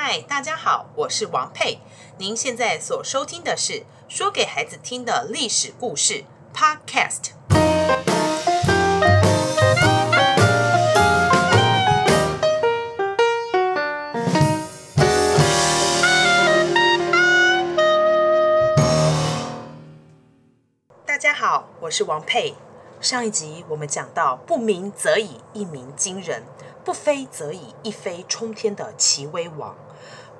嗨，大家好，我是王佩。您現在所收聽的是《說給孩子聽的歷史故事》Podcast。大家好，我是王佩。上一集我們講到“不鳴則已，一鳴驚人”。不飛則已，一飛沖天的齊威王，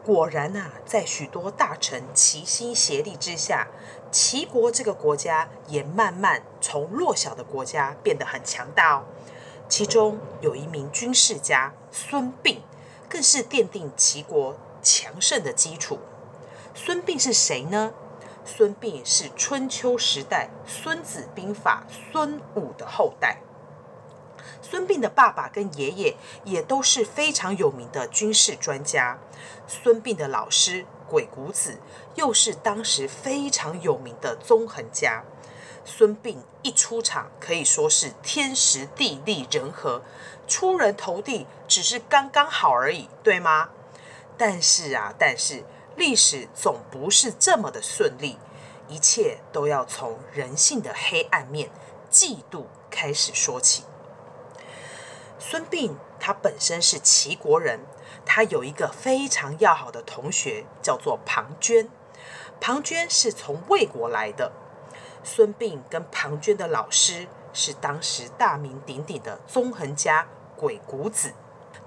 果然吶、啊，在許多大臣齊心協力之下，齊國這個國家也慢慢從弱小的國家變得很強大哦。其中有一名軍事家孫臏，更是奠定齊國強盛的基礎。孫臏是誰呢？孫臏是春秋時代《孫子兵法》孫武的後代。孫臏的爸爸跟爺爺也都是非常有名的軍事專家，孫臏的老師鬼谷子又是當時非常有名的縱橫家。孫臏一出場可以說是天時地利人和，出人頭地只是剛剛好而已，對嗎？但是啊，但是歷史總不是這麼的順利，一切都要從人性的黑暗面——嫉妒開始說起。孫臏他本身是齊國人，他有一個非常要好的同學叫做龐涓，龐涓是從魏國來的。孫臏跟龐涓的老師是當時大名鼎鼎的縱橫家鬼谷子，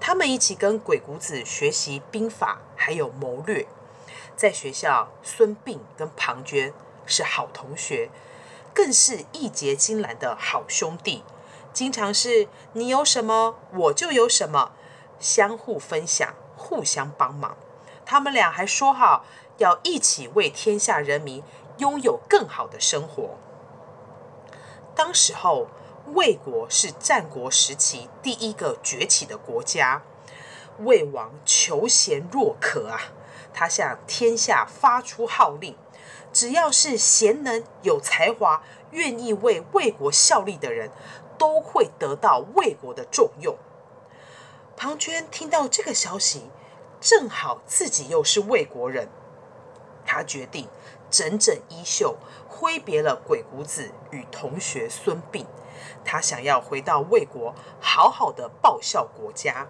他們一起跟鬼谷子學習兵法還有謀略。在學校，孫臏跟龐涓是好同學，更是義結金蘭的好兄弟。經常是你有什麼我就有什麼，相互分享，互相幫忙。他們倆還說好要一起為天下人民擁有更好的生活。當時候，魏國是戰國時期第一個崛起的國家。魏王求賢若渴啊，他向天下發出號令：只要是賢能、有才華、願意為魏國效力的人。都會得到魏國的重用。龐涓聽到這個消息，正好自己又是魏國人，他決定整整衣袖，揮別了鬼谷子與同學孫臏。他想要回到魏國，好好的報效國家。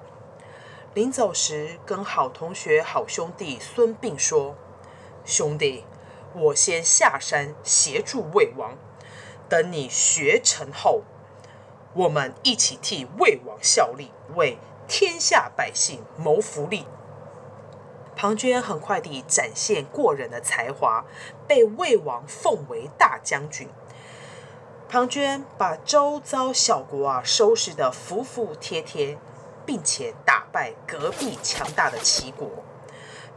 臨走時，跟好同學、好兄弟孫臏說：“兄弟，我先下山協助魏王，等你學成後，”我們一起替魏王效力，為天下百姓謀福利。龐涓很快地展現過人的才華，被魏王奉為大將軍。龐涓把周遭小國啊收拾得服服帖帖，並且打敗隔壁強大的齊國。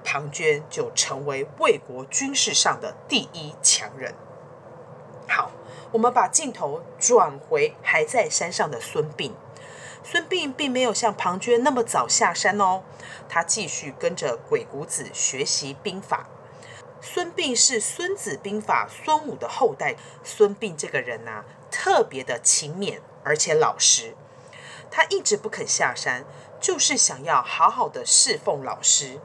龐涓就成為魏國軍事上的第一強人。好。我們把鏡頭轉回還在山上的孫臏，孫臏並沒有像龐涓那麼早下山哦，他繼續跟着鬼谷子學習兵法。孫臏是孫子兵法孫武的後代，孫臏這個人呐、啊，特別的勤勉而且老實，他一直不肯下山，就是想要好好的侍奉老師。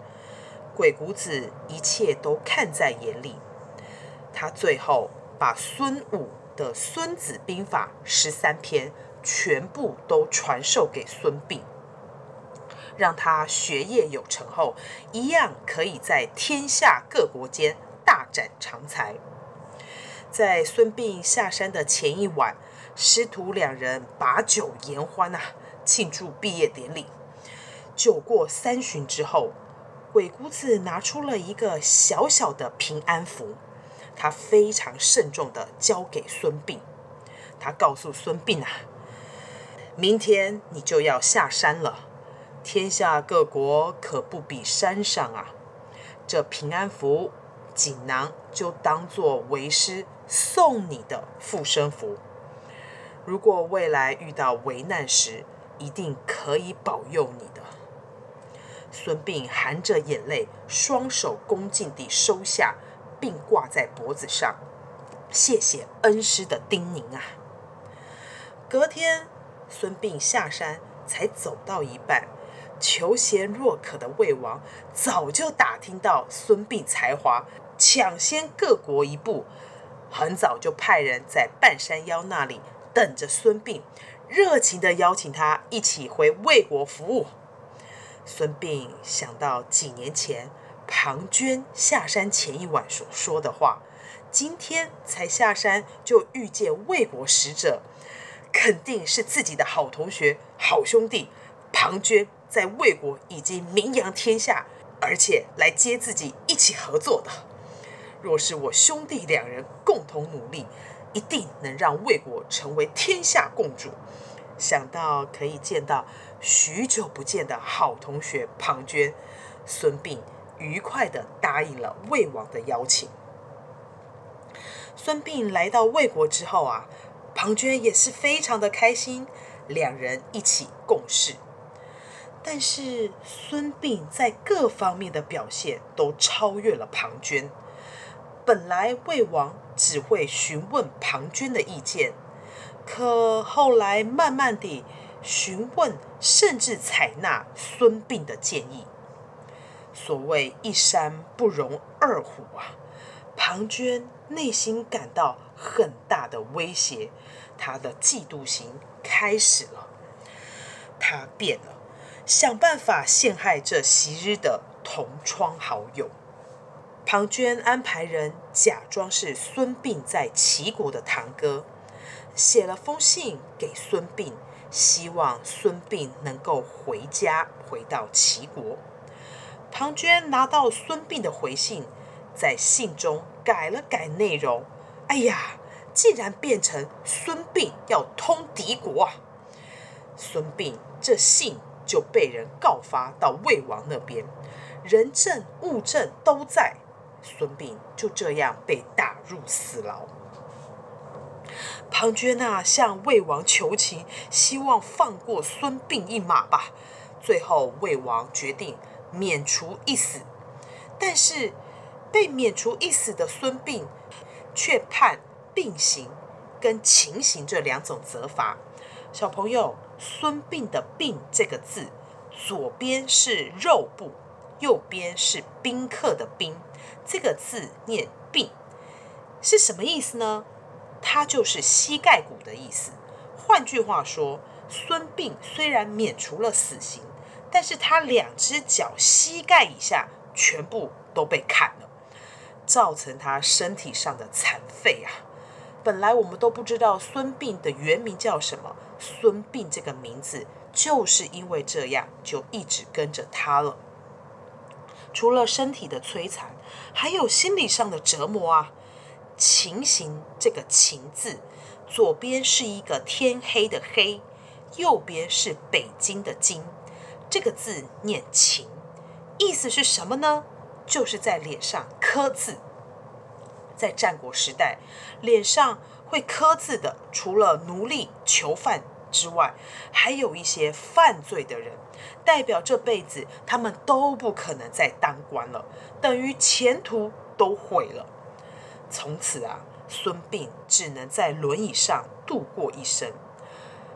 鬼谷子一切都看在眼裡，他最後把孫武。的《孫子兵法》十三篇全部都傳授給孫臏，讓他學業有成後，一樣可以在天下各國間大展長才。在孫臏下山的前一晚，師徒兩人把酒言歡吶啊，慶祝畢業典禮。酒過三巡之後，鬼谷子拿出了一個小小的平安符。他非常慎重的交給孫臏，他告訴孫臏啊，明天你就要下山了，天下各國可不比山上啊。這平安符錦囊就當作為師送你的護身符，如果未來遇到危難時，一定可以保佑你的。孫臏含着眼淚，雙手恭敬地收下。並掛在脖子上，謝謝恩師的叮嚀啊！隔天，孫臏下山，才走到一半，求賢若渴的魏王早就打聽到孫臏才華，搶先各國一步，很早就派人在半山腰那裡等着孫臏，熱情的邀請他一起回魏國服務。孫臏想到幾年前。龐涓下山前一晚所說的話，今天才下山就遇見魏國使者，肯定是自己的好同學、好兄弟。龐涓在魏國已經名揚天下，而且來接自己一起合作的。若是我兄弟兩人共同努力，一定能讓魏國成為天下共主。想到可以見到許久不見的好同學龐涓，孫臏。愉快地答應了魏王的邀請。孫臏來到魏國之後啊，龐涓也是非常的開心，兩人一起共事。但是孫臏在各方面的表現都超越了龐涓。本來魏王只會詢問龐涓的意見，可後來慢慢地詢問，甚至採納孫臏的建議。所謂一山不容二虎啊！龐涓內心感到很大的威脅，他的嫉妒心開始了，他變了，想辦法陷害這昔日的同窗好友。龐涓安排人假裝是孫臏在齊國的堂哥，寫了封信給孫臏，希望孫臏能夠回家，回到齊國。龐涓拿到孫臏的回信，在信中改了改內容。哎呀，竟然變成孫臏要通敵國啊！孫臏這信就被人告發到魏王那邊，人證物證都在，孫臏就這樣被打入死牢。龐涓呢，向魏王求情，希望放過孫臏一馬吧。最後，魏王決定。免除一死，但是被免除一死的孫臏，卻判臏刑跟黥刑這兩種責罰。小朋友，孫臏的“臏”這個字，左邊是肉部，右邊是賓客的“賓”，這個字念“臏”，是什麼意思呢？它就是膝蓋骨的意思。換句話說，孫臏雖然免除了死刑，但是他兩隻腳膝蓋以下全部都被砍了，造成他身體上的殘廢啊！本來我們都不知道孫臏的原名叫什麼，孫臏這個名字就是因為這樣就一直跟着他了。除了身體的摧殘，還有心理上的折磨啊！黥刑這個黥字，左邊是一個天黑的黑，右邊是北京的京。這個字念“黥”，意思是什麼呢？就是在臉上刻字。在戰國時代，臉上會刻字的，除了奴隸、囚犯之外，還有一些犯罪的人，代表這輩子他們都不可能再當官了，等於前途都毀了。從此啊，孫臏只能在輪椅上度過一生。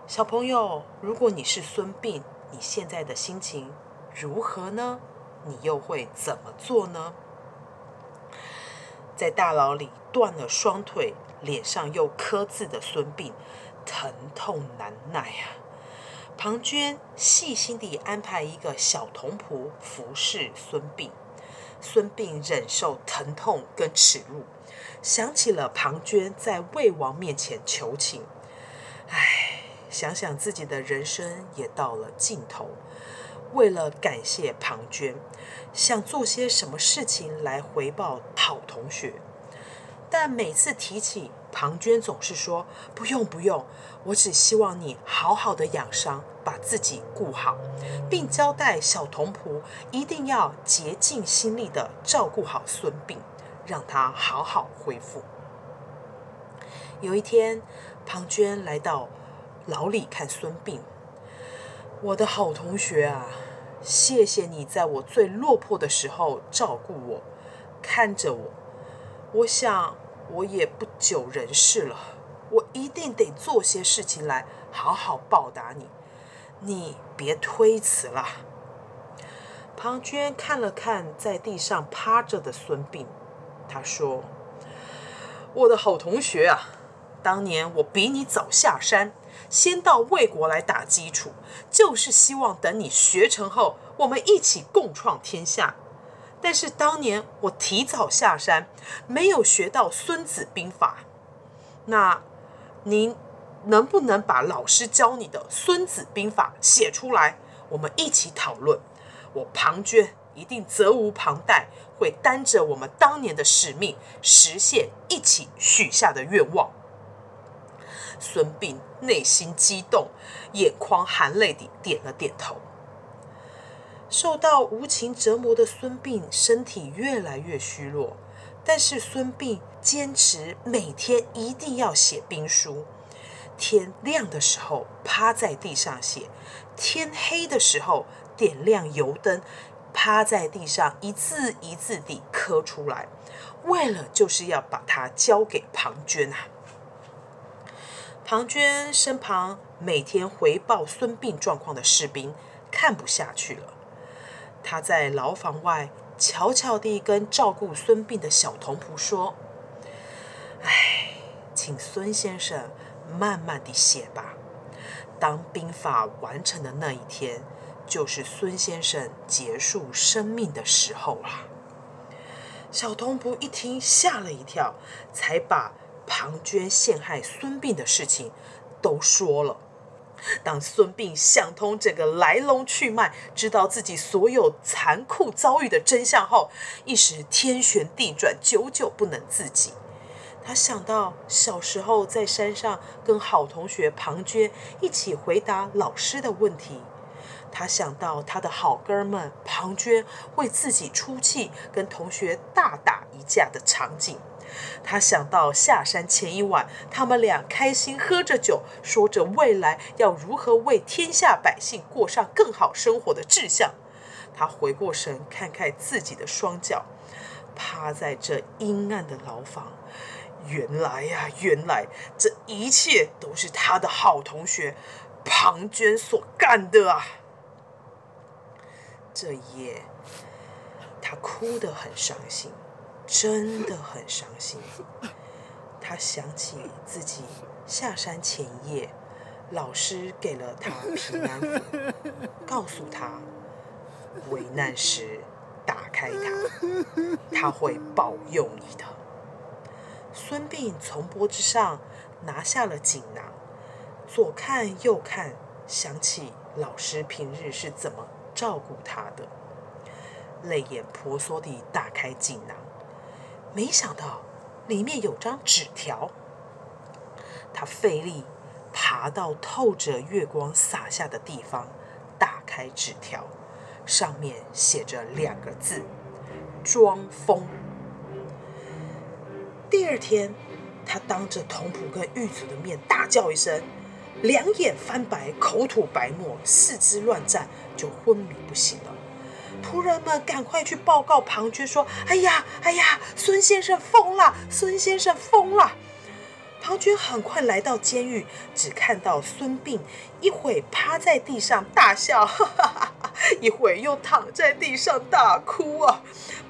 小朋友，如果你是孫臏，你現在的心情如何呢？你又會怎麼做呢？在大牢裡斷了雙腿、臉上又刻字的孫臏，疼痛難耐啊！龐涓細心地安排一個小童僕服侍孫臏，孫臏忍受疼痛跟恥辱，想起了龐涓在魏王面前求情，唉。想想自己的人生也到了盡頭，為了感謝龐涓，想做些什麼事情來回報好同學，但每次提起龐涓，總是說不用不用，我只希望你好好的養傷，把自己顧好，並交代小童僕一定要竭盡心力的照顧好孫臏，讓他好好恢復。有一天，龐涓來到。老李看孫臏，我的好同學啊，謝謝你在我最落魄的時候照顧我，看着我。我想我也不久人世了，我一定得做些事情來好好報答你。你別推辭了。龐涓看了看在地上趴着的孫臏，他說：“我的好同學啊，當年我比你早下山。”先到魏國來打基礎，就是希望等你學成後，我們一起共創天下。但是當年我提早下山，沒有學到《孫子兵法》那。那您能不能把老師教你的《孫子兵法》寫出來？我們一起討論。我龐涓一定責無旁貸，會擔着我們當年的使命，實現一起許下的願望。孫臏內心激動，眼眶含淚地點了點頭。受到無情折磨的孫臏身體越來越虛弱，但是孫臏堅持每天一定要寫兵書。天亮的時候趴在地上寫，天黑的時候點亮油燈，趴在地上一字一字地刻出來，為了就是要把它交給龐涓啊。龐涓身旁每天回報孫臏狀況的士兵看不下去了，他在牢房外悄悄地跟照顧孫臏的小童僕說：“哎，請孫先生慢慢地寫吧。當兵法完成的那一天，就是孫先生結束生命的時候了啊。”小童僕一聽嚇了一跳，才把。龐涓陷害孫臏的事情都說了。當孫臏想通這個來龍去脈，知道自己所有殘酷遭遇的真相後，一時天旋地轉，久久不能自己。他想到小時候在山上跟好同學龐涓一起回答老師的問題；他想到他的好哥們龐涓為自己出氣，跟同學大打一架的場景。他想到下山前一晚，他們倆開心喝着酒，說着未來要如何為天下百姓過上更好生活的志向。他回過神，看看自己的雙腳，趴在這陰暗的牢房。原來呀、啊，原來這一切都是他的好同學龐涓所幹的啊！這一夜，他哭得很傷心。真的很傷心。他想起自己下山前一夜，老師給了他平安符，告訴他危難時打開它，它會保佑你的。孫臏從脖子上拿下了錦囊，左看右看，想起老師平日是怎麼照顧他的，淚眼婆娑地打開錦囊。沒想到，裡面有張紙條。他費力爬到透着月光灑下的地方，打開紙條，上面寫着兩個字：裝瘋。第二天，他當着童僕跟獄卒的面大叫一聲，兩眼翻白，口吐白沫，四肢亂顫，就昏迷不醒了。僕人們趕快去報告龐涓說：“哎呀，哎呀，孫先生瘋了！孫先生瘋了！”龐涓很快來到監獄，只看到孫臏一會兒趴在地上大笑，哈哈，哈，哈，一會又躺在地上大哭啊。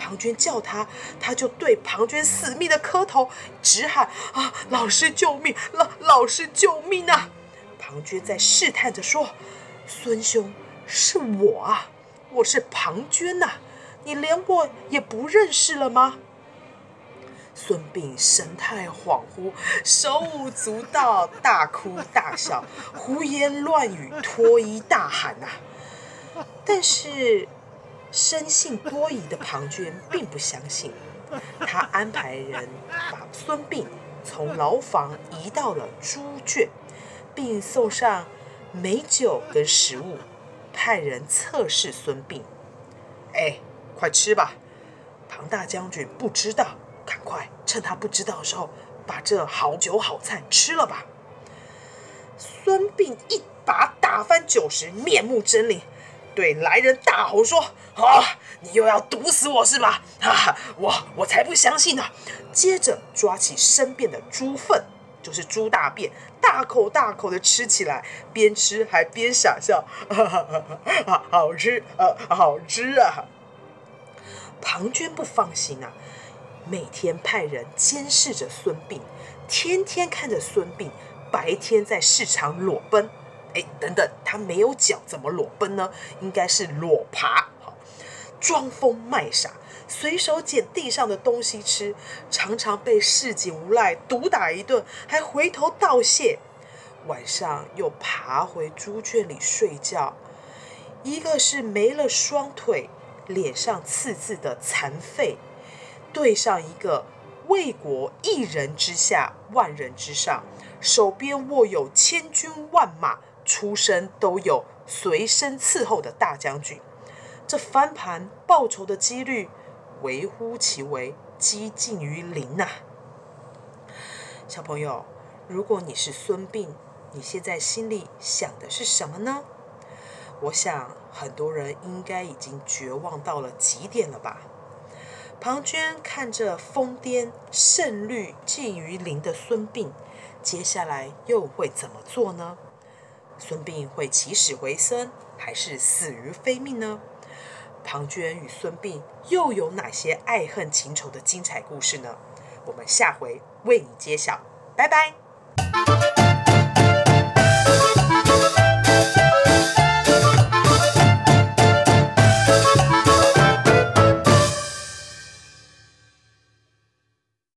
龐涓叫他，他就對龐涓死命的磕頭，直喊：“啊，老師救命！老老師救命啊！”龐涓在試探着說：“孫兄，是我啊。”我是龐涓吶，你連我也不認識了嗎？孫臏神態恍惚，手舞足蹈，大哭大笑，胡言亂語，脫衣大喊吶、啊。但是，生性多疑的龐涓並不相信，他安排人把孫臏從牢房移到了豬圈，並送上美酒跟食物。派人測試孫臏，哎，快吃吧！龐大將軍不知道，趕快趁他不知道的時候，把這好酒好菜吃了吧！孫臏一把打翻酒食，面目猙獰，對來人大吼說：“啊，你又要毒死我是吧？哈、啊、哈，我我才不相信呢、啊！”接着抓起身邊的豬糞。就是豬大便，大口大口的吃起來，邊吃還邊傻笑，啊啊啊、好吃啊，好吃啊！龐涓不放心啊，每天派人監視着孫臏，天天看着孫臏白天在市場裸奔，哎，等等，他沒有腳怎麼裸奔呢？應該是裸爬。裝瘋賣傻，隨手撿地上的東西吃，常常被市井無賴毒打一頓，還回頭道謝。晚上又爬回豬圈裡睡覺。一個是沒了雙腿，臉上刺字的殘廢，對上一個魏國一人之下，萬人之上，手邊握有千軍萬馬，出身，都有隨身伺候的大將軍。這翻盤報仇的幾率微乎其微，幾近於零吶、啊！小朋友，如果你是孫臏，你現在心裡想的是什麼呢？我想很多人應該已經絕望到了極點了吧。龐涓看着瘋癲、勝率近於零的孫臏，接下來又會怎麼做呢？孫臏會起死回生，還是死於非命呢？龐涓與孫臏又有哪些愛恨情仇的精彩故事呢？我們下回為你揭曉。拜拜。